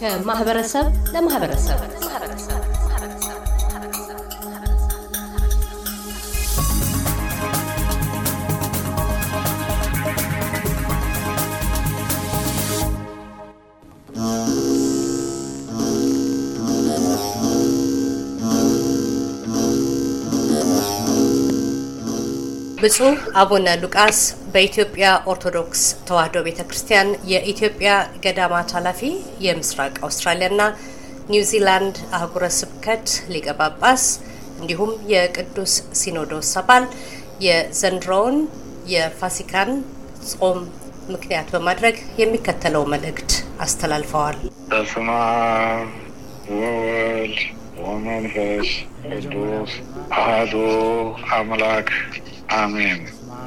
ከማህበረሰብ ለማህበረሰብ ብፁዕ አቡነ ሉቃስ በኢትዮጵያ ኦርቶዶክስ ተዋሕዶ ቤተ ክርስቲያን የኢትዮጵያ ገዳማት ኃላፊ የምስራቅ አውስትራሊያና ኒውዚላንድ አህጉረ ስብከት ሊቀ ጳጳስ እንዲሁም የቅዱስ ሲኖዶስ አባል የዘንድሮውን የፋሲካን ጾም ምክንያት በማድረግ የሚከተለው መልእክት አስተላልፈዋል። በስመ አብ ወወልድ ወመንፈስ ቅዱስ አሐዱ አምላክ አሜን።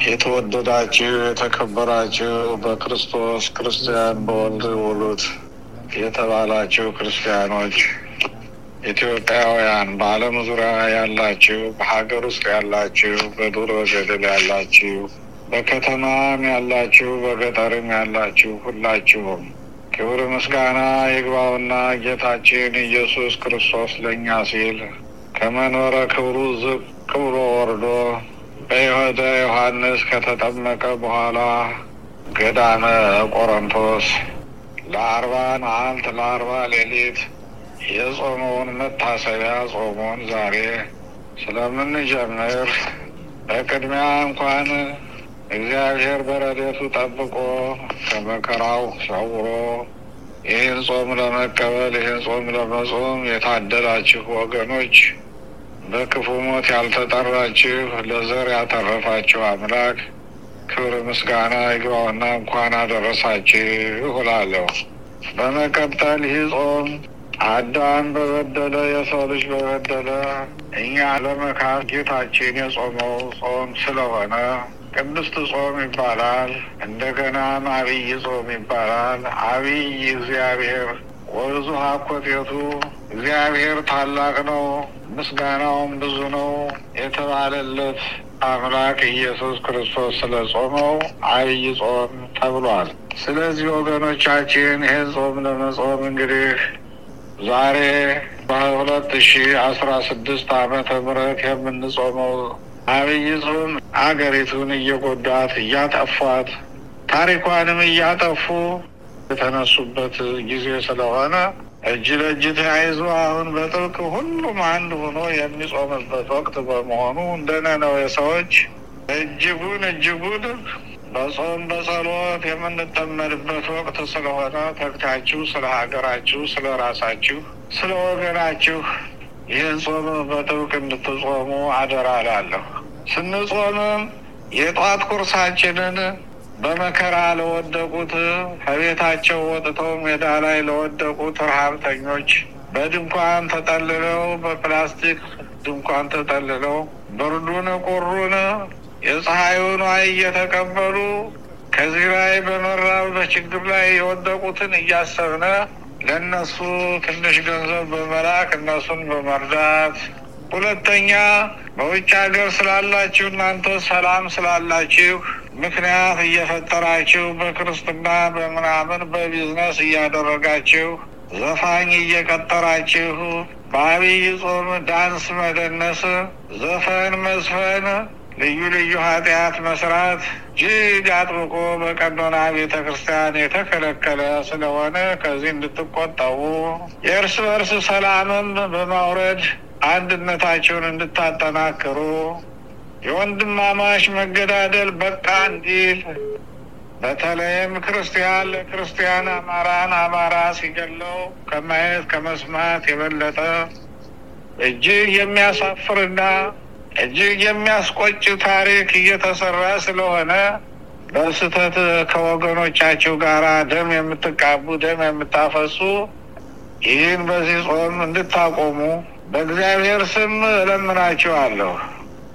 የተወደዳችሁ የተከበራችሁ በክርስቶስ ክርስቲያን በወልድ ውሉት የተባላችሁ ክርስቲያኖች ኢትዮጵያውያን በዓለም ዙሪያ ያላችሁ፣ በሀገር ውስጥ ያላችሁ፣ በዱር ገደል ያላችሁ፣ በከተማም ያላችሁ፣ በገጠርም ያላችሁ ሁላችሁም ክብር ምስጋና ይግባውና ጌታችን ኢየሱስ ክርስቶስ ለእኛ ሲል ከመንበረ ክብሩ ዝቅ ብሎ ወርዶ በይሁደ ዮሐንስ ከተጠመቀ በኋላ ገዳመ ቆሮንቶስ ለአርባ መዓልት ለአርባ ሌሊት የጾመውን መታሰቢያ ጾሙን ዛሬ ስለምንጀምር በቅድሚያ እንኳን እግዚአብሔር በረዴቱ ጠብቆ ከመከራው ሰውሮ ይህን ጾም ለመቀበል ይህን ጾም ለመጾም የታደላችሁ ወገኖች በክፉ ሞት ያልተጠራችሁ ለዘር ያተረፋችሁ አምላክ ክብር ምስጋና ይግባውና እንኳን አደረሳችሁ እላለሁ። በመቀጠል ይህ ጾም አዳም በበደለ የሰው ልጅ በበደለ እኛ ለመካስ ጌታችን የጾመው ጾም ስለሆነ ቅድስት ጾም ይባላል። እንደገናም አብይ ጾም ይባላል። አብይ እግዚአብሔር ወብዙኃ ኮቴቱ እግዚአብሔር ታላቅ ነው ምስጋናውም ብዙ ነው የተባለለት አምላክ ኢየሱስ ክርስቶስ ስለ ጾመው አብይ ጾም ተብሏል። ስለዚህ ወገኖቻችን ይህን ጾም ለመጾም እንግዲህ ዛሬ በሁለት ሺ አስራ ስድስት ዓመተ ምህረት የምንጾመው አብይ ጾም አገሪቱን እየጎዳት እያጠፏት ታሪኳንም እያጠፉ የተነሱበት ጊዜ ስለሆነ እጅ ለእጅ ተያይዞ አሁን በጥብቅ ሁሉም አንድ ሆኖ የሚጾምበት ወቅት በመሆኑ እንደነ ነው የሰዎች እጅጉን እጅጉን በጾም በጸሎት የምንጠመድበት ወቅት ስለሆነ ተግታችሁ ስለ ሀገራችሁ፣ ስለ ራሳችሁ፣ ስለ ወገናችሁ ይህን ጾም በጥብቅ እንድትጾሙ አደራ እላለሁ። ስንጾምም የጧት ቁርሳችንን በመከራ ለወደቁት ከቤታቸው ወጥተው ሜዳ ላይ ለወደቁት ረሃብተኞች በድንኳን ተጠልለው በፕላስቲክ ድንኳን ተጠልለው ብርዱን ቁሩን የፀሐዩን ዋይ እየተቀበሉ ከዚህ ላይ በመራብ በችግር ላይ የወደቁትን እያሰብነ ለእነሱ ትንሽ ገንዘብ በመላክ እነሱን በመርዳት ሁለተኛ በውጭ ሀገር ስላላችሁ እናንተ ሰላም ስላላችሁ ምክንያት እየፈጠራችሁ በክርስትና በምናምን በቢዝነስ እያደረጋችሁ ዘፋኝ እየቀጠራችሁ በአብይ ጾም ዳንስ መደነስ፣ ዘፈን መዝፈን፣ ልዩ ልዩ ኃጢአት መስራት እጅግ አጥብቆ በቀኖና ቤተ ክርስቲያን የተከለከለ ስለሆነ ከዚህ እንድትቆጠቡ የእርስ በርስ ሰላምም በማውረድ አንድነታቸውን እንድታጠናክሩ የወንድማማች መገዳደል በቃ እንዲል በተለይም ክርስቲያን ለክርስቲያን አማራን አማራ ሲገለው ከማየት ከመስማት የበለጠ እጅግ የሚያሳፍርና እጅግ የሚያስቆጭ ታሪክ እየተሰራ ስለሆነ በስህተት ከወገኖቻችሁ ጋር ደም የምትቃቡ ደም የምታፈሱ ይህን በዚህ ጾም እንድታቆሙ በእግዚአብሔር ስም እለምናችኋለሁ።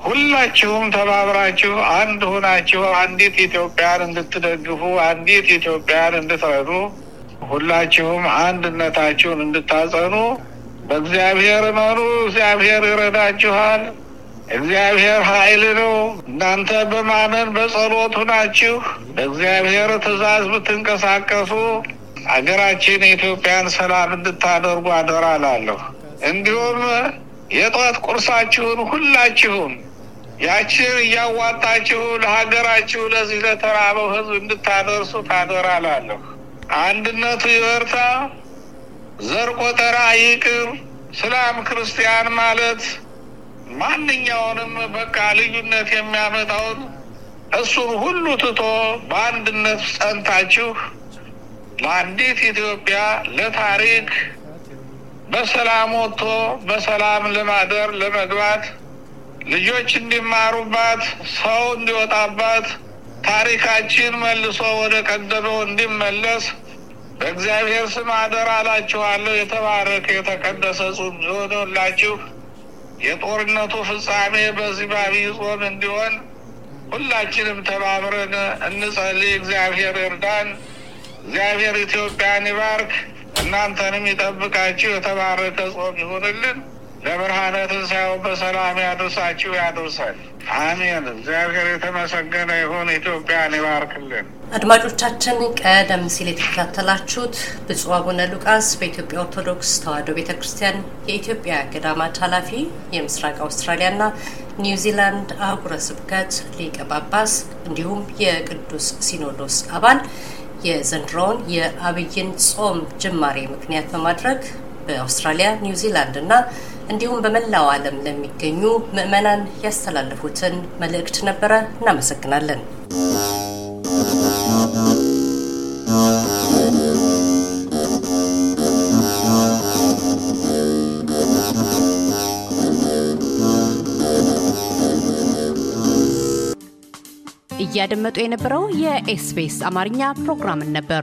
ሁላችሁም ተባብራችሁ አንድ ሆናችሁ አንዲት ኢትዮጵያን እንድትደግፉ አንዲት ኢትዮጵያን እንድትረዱ ሁላችሁም አንድነታችሁን እንድታጸኑ በእግዚአብሔር መኑ። እግዚአብሔር ይረዳችኋል። እግዚአብሔር ኃይል ነው። እናንተ በማመን በጸሎቱ ናችሁ በእግዚአብሔር ትእዛዝ ብትንቀሳቀሱ አገራችን የኢትዮጵያን ሰላም እንድታደርጉ አደራ እላለሁ። እንዲሁም የጠዋት ቁርሳችሁን ሁላችሁም ያችን እያዋጣችሁ ለሀገራችሁ ለዚህ ለተራበው ህዝብ እንድታደርሱ ታደራላለሁ። አንድነቱ ይበርታ፣ ዘር ቆጠራ ይቅር። ስላም ክርስቲያን ማለት ማንኛውንም በቃ ልዩነት የሚያመጣውን እሱን ሁሉ ትቶ በአንድነት ጸንታችሁ ለአንዲት ኢትዮጵያ ለታሪክ በሰላም ወጥቶ በሰላም ለማደር ለመግባት ልጆች እንዲማሩባት፣ ሰው እንዲወጣባት፣ ታሪካችን መልሶ ወደ ቀደመው እንዲመለስ በእግዚአብሔር ስም አደራ አላችኋለሁ። የተባረከ የተቀደሰ ጾም ሆኖላችሁ የጦርነቱ ፍጻሜ በዚህ ዐቢይ ጾም እንዲሆን ሁላችንም ተባብረን እንጸልይ። እግዚአብሔር እርዳን። እግዚአብሔር ኢትዮጵያን ይባርክ፣ እናንተንም ይጠብቃችሁ። የተባረከ ጾም ይሆንልን ለብርሃነ ትንሣኤው በሰላም ያደርሳችሁ ያደርሳል። አሜን። እግዚአብሔር የተመሰገነ ይሁን። ኢትዮጵያን ይባርክልን። አድማጮቻችን ቀደም ሲል የተከታተላችሁት ብፁዕ አቡነ ሉቃስ በኢትዮጵያ ኦርቶዶክስ ተዋሕዶ ቤተ ክርስቲያን የኢትዮጵያ ገዳማት ኃላፊ የምስራቅ አውስትራሊያና ኒውዚላንድ አህጉረ ስብከት ሊቀ ጳጳስ እንዲሁም የቅዱስ ሲኖዶስ አባል የዘንድሮውን የአብይን ጾም ጅማሬ ምክንያት በማድረግ በአውስትራሊያ ኒውዚላንድ እንዲሁም በመላው ዓለም ለሚገኙ ምዕመናን ያስተላለፉትን መልእክት ነበረ። እናመሰግናለን። እያደመጡ የነበረው የኤስቢኤስ አማርኛ ፕሮግራምን ነበር።